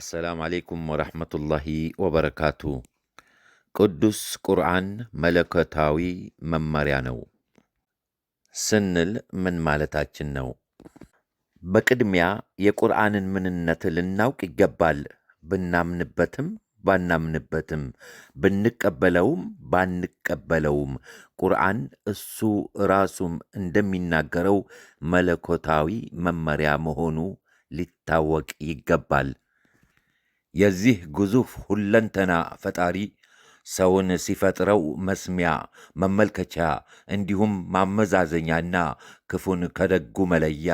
አሰላም አሌይኩም ወረሕመቱላሂ ወበረካቱ። ቅዱስ ቁርአን መለኮታዊ መመሪያ ነው ስንል ምን ማለታችን ነው? በቅድሚያ የቁርአንን ምንነት ልናውቅ ይገባል። ብናምንበትም ባናምንበትም ብንቀበለውም ባንቀበለውም ቁርአን እሱ ራሱም እንደሚናገረው መለኮታዊ መመሪያ መሆኑ ሊታወቅ ይገባል። የዚህ ግዙፍ ሁለንተና ፈጣሪ ሰውን ሲፈጥረው መስሚያ፣ መመልከቻ እንዲሁም ማመዛዘኛና ክፉን ከደጉ መለያ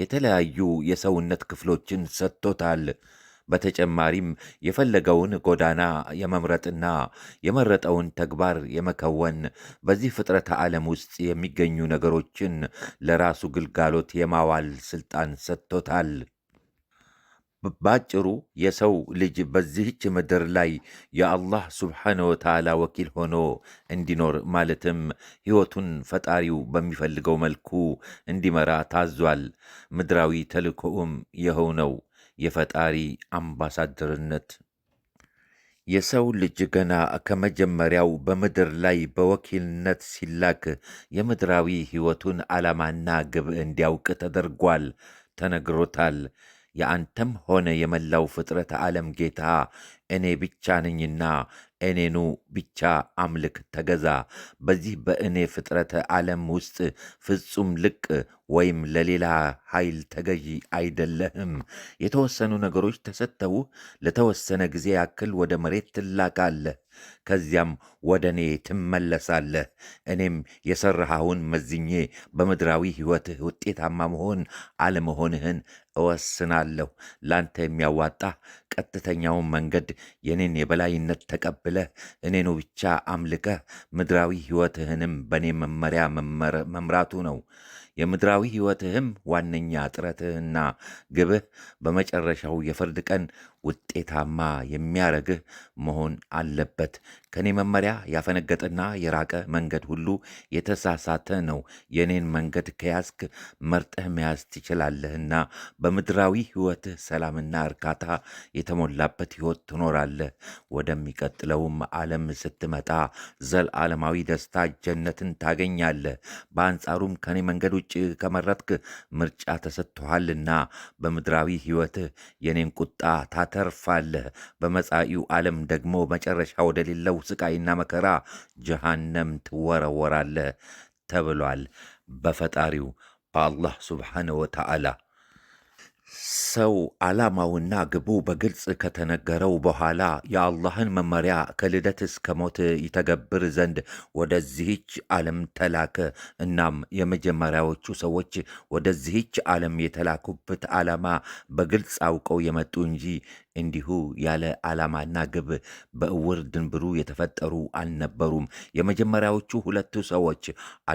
የተለያዩ የሰውነት ክፍሎችን ሰጥቶታል። በተጨማሪም የፈለገውን ጎዳና የመምረጥና የመረጠውን ተግባር የመከወን በዚህ ፍጥረተ ዓለም ውስጥ የሚገኙ ነገሮችን ለራሱ ግልጋሎት የማዋል ስልጣን ሰጥቶታል። ባጭሩ የሰው ልጅ በዚህች ምድር ላይ የአላህ ስብሓነ ወተዓላ ወኪል ሆኖ እንዲኖር ማለትም ሕይወቱን ፈጣሪው በሚፈልገው መልኩ እንዲመራ ታዟል። ምድራዊ ተልእኮውም ይኸው ነው፣ የፈጣሪ አምባሳደርነት። የሰው ልጅ ገና ከመጀመሪያው በምድር ላይ በወኪልነት ሲላክ የምድራዊ ሕይወቱን ዓላማና ግብ እንዲያውቅ ተደርጓል፣ ተነግሮታል። የአንተም ሆነ የመላው ፍጥረት ዓለም ጌታ እኔ ብቻ ነኝና እኔኑ ብቻ አምልክ ተገዛ። በዚህ በእኔ ፍጥረተ ዓለም ውስጥ ፍጹም ልቅ ወይም ለሌላ ኃይል ተገዢ አይደለህም። የተወሰኑ ነገሮች ተሰጥተው ለተወሰነ ጊዜ ያክል ወደ መሬት ትላካለህ ከዚያም ወደ እኔ ትመለሳለህ። እኔም የሠራኸውን መዝኜ በምድራዊ ሕይወትህ ውጤታማ መሆን አለመሆንህን እወስናለሁ። ላንተ የሚያዋጣህ ቀጥተኛውን መንገድ የኔን የበላይነት ተቀብለህ እኔኑ ብቻ አምልከህ ምድራዊ ሕይወትህንም በእኔ መመሪያ መምራቱ ነው። የምድራዊ ሕይወትህም ዋነኛ ጥረትህና ግብህ በመጨረሻው የፍርድ ቀን ውጤታማ የሚያረግህ መሆን አለበት። ከእኔ መመሪያ ያፈነገጠና የራቀ መንገድ ሁሉ የተሳሳተ ነው። የእኔን መንገድ ከያዝክ መርጠህ መያዝ ትችላለህና በምድራዊ ሕይወትህ ሰላምና እርካታ የተሞላበት ሕይወት ትኖራለህ። ወደሚቀጥለውም ዓለም ስትመጣ ዘላለማዊ ደስታ ጀነትን ታገኛለህ። በአንጻሩም ከእኔ መንገድ ውጭ ከመረጥክ ምርጫ ተሰጥቶሃልና በምድራዊ ሕይወትህ የኔን ቁጣ ታተርፋለህ። በመጻኢው ዓለም ደግሞ መጨረሻ ወደሌለው ስቃይና መከራ ጀሃነም ትወረወራለህ ተብሏል በፈጣሪው በአላህ ስብሓነ ወተዓላ ሰው ዓላማውና ግቡ በግልጽ ከተነገረው በኋላ የአላህን መመሪያ ከልደት እስከ ሞት ይተገብር ዘንድ ወደዚህች ዓለም ተላከ። እናም የመጀመሪያዎቹ ሰዎች ወደዚህች ዓለም የተላኩበት ዓላማ በግልጽ አውቀው የመጡ እንጂ እንዲሁ ያለ ዓላማና ግብ በእውር ድንብሩ የተፈጠሩ አልነበሩም። የመጀመሪያዎቹ ሁለቱ ሰዎች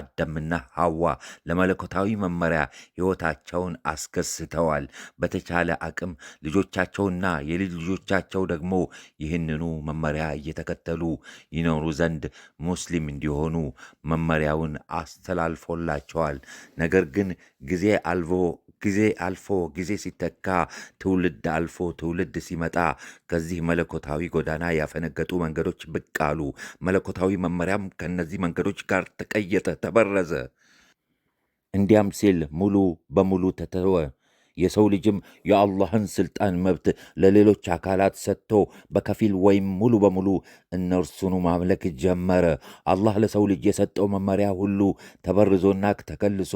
አዳምና ሐዋ ለመለኮታዊ መመሪያ ሕይወታቸውን አስከስተዋል። በተቻለ አቅም ልጆቻቸውና የልጅ ልጆቻቸው ደግሞ ይህንኑ መመሪያ እየተከተሉ ይኖሩ ዘንድ ሙስሊም እንዲሆኑ መመሪያውን አስተላልፎላቸዋል። ነገር ግን ጊዜ አልቦ ጊዜ አልፎ ጊዜ ሲተካ ትውልድ አልፎ ትውልድ ሲመጣ ከዚህ መለኮታዊ ጎዳና ያፈነገጡ መንገዶች ብቅ አሉ። መለኮታዊ መመሪያም ከእነዚህ መንገዶች ጋር ተቀየጠ፣ ተበረዘ። እንዲያም ሲል ሙሉ በሙሉ ተተወ። የሰው ልጅም የአላህን ስልጣን መብት ለሌሎች አካላት ሰጥቶ በከፊል ወይም ሙሉ በሙሉ እነርሱኑ ማምለክ ጀመረ። አላህ ለሰው ልጅ የሰጠው መመሪያ ሁሉ ተበርዞና ተከልሶ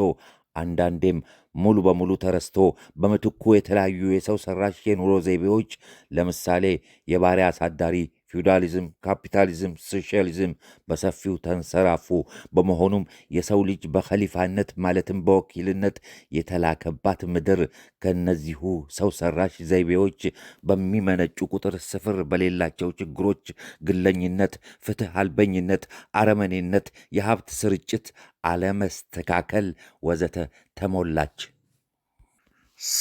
አንዳንዴም ሙሉ በሙሉ ተረስቶ በምትኩ የተለያዩ የሰው ሰራሽ የኑሮ ዘይቤዎች ለምሳሌ የባሪያ አሳዳሪ ፊውዳሊዝም፣ ካፒታሊዝም፣ ሶሻሊዝም በሰፊው ተንሰራፉ። በመሆኑም የሰው ልጅ በኸሊፋነት ማለትም በወኪልነት የተላከባት ምድር ከነዚሁ ሰው ሰራሽ ዘይቤዎች በሚመነጩ ቁጥር ስፍር በሌላቸው ችግሮች፣ ግለኝነት፣ ፍትህ አልበኝነት፣ አረመኔነት፣ የሀብት ስርጭት አለመስተካከል ወዘተ ተሞላች።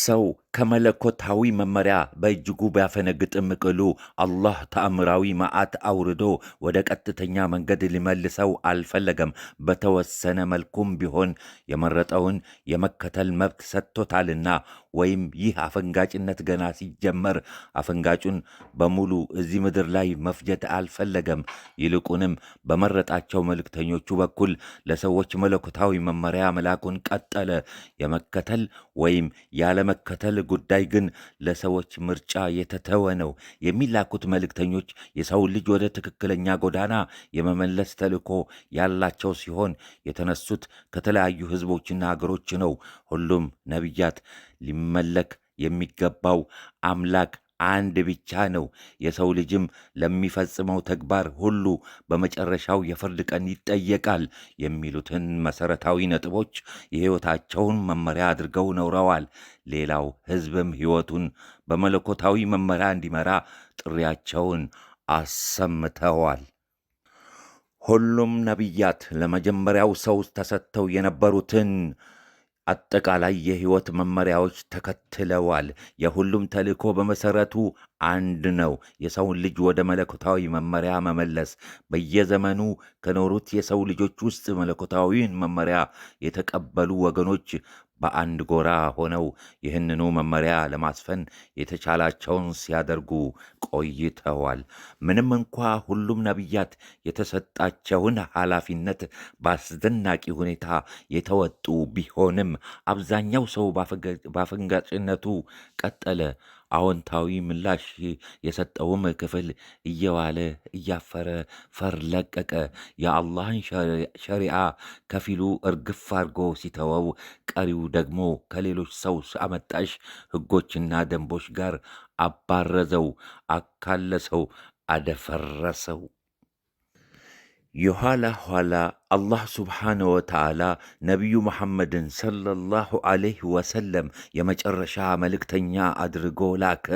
ሰው ከመለኮታዊ መመሪያ በእጅጉ ቢያፈነግጥም ቅሉ አላህ ተአምራዊ መዓት አውርዶ ወደ ቀጥተኛ መንገድ ሊመልሰው አልፈለገም። በተወሰነ መልኩም ቢሆን የመረጠውን የመከተል መብት ሰጥቶታልና። ወይም ይህ አፈንጋጭነት ገና ሲጀመር አፈንጋጩን በሙሉ እዚህ ምድር ላይ መፍጀት አልፈለገም። ይልቁንም በመረጣቸው መልእክተኞቹ በኩል ለሰዎች መለኮታዊ መመሪያ መላኩን ቀጠለ። የመከተል ወይም ያለመከተል ጉዳይ ግን ለሰዎች ምርጫ የተተወ ነው። የሚላኩት መልእክተኞች የሰው ልጅ ወደ ትክክለኛ ጎዳና የመመለስ ተልእኮ ያላቸው ሲሆን የተነሱት ከተለያዩ ሕዝቦችና አገሮች ነው። ሁሉም ነቢያት ሊመለክ የሚገባው አምላክ አንድ ብቻ ነው። የሰው ልጅም ለሚፈጽመው ተግባር ሁሉ በመጨረሻው የፍርድ ቀን ይጠየቃል የሚሉትን መሠረታዊ ነጥቦች የሕይወታቸውን መመሪያ አድርገው ኖረዋል። ሌላው ሕዝብም ሕይወቱን በመለኮታዊ መመሪያ እንዲመራ ጥሪያቸውን አሰምተዋል። ሁሉም ነቢያት ለመጀመሪያው ሰው ተሰጥተው የነበሩትን አጠቃላይ የሕይወት መመሪያዎች ተከትለዋል። የሁሉም ተልእኮ በመሠረቱ አንድ ነው፤ የሰውን ልጅ ወደ መለኮታዊ መመሪያ መመለስ። በየዘመኑ ከኖሩት የሰው ልጆች ውስጥ መለኮታዊን መመሪያ የተቀበሉ ወገኖች በአንድ ጎራ ሆነው ይህንኑ መመሪያ ለማስፈን የተቻላቸውን ሲያደርጉ ቆይተዋል። ምንም እንኳ ሁሉም ነቢያት የተሰጣቸውን ኃላፊነት በአስደናቂ ሁኔታ የተወጡ ቢሆንም አብዛኛው ሰው ባፈንጋጭነቱ ቀጠለ። አዎንታዊ ምላሽ የሰጠውም ክፍል እየዋለ እያፈረ ፈርለቀቀ የአላህን ሸሪዓ ከፊሉ እርግፍ አድርጎ ሲተወው፣ ቀሪው ደግሞ ከሌሎች ሰው አመጣሽ ህጎችና ደንቦች ጋር አባረዘው፣ አካለሰው፣ አደፈረሰው። የኋላ ኋላ አላህ ስብሓነ ወተዓላ ነቢዩ መሐመድን ሰለላሁ ዐለይሂ ወሰለም የመጨረሻ መልእክተኛ አድርጎ ላከ።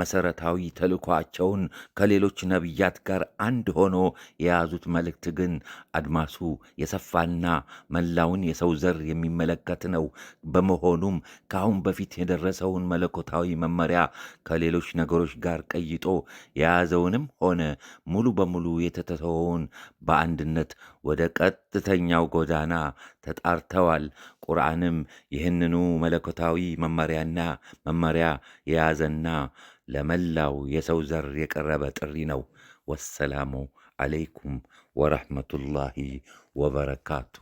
መሰረታዊ ተልኳቸውን ከሌሎች ነቢያት ጋር አንድ ሆኖ የያዙት መልእክት ግን አድማሱ የሰፋና መላውን የሰው ዘር የሚመለከት ነው። በመሆኑም ከአሁን በፊት የደረሰውን መለኮታዊ መመሪያ ከሌሎች ነገሮች ጋር ቀይጦ የያዘውንም ሆነ ሙሉ በሙሉ የተተተወውን በአንድነት ወደ ቀጥተኛው ጎዳና ተጣርተዋል። ቁርአንም ይህንኑ መለኮታዊ መመሪያና መመሪያ የያዘና ለመላው የሰው ዘር የቀረበ ጥሪ ነው። ወሰላሙ አለይኩም ወረሕመቱላሂ ወበረካቱ።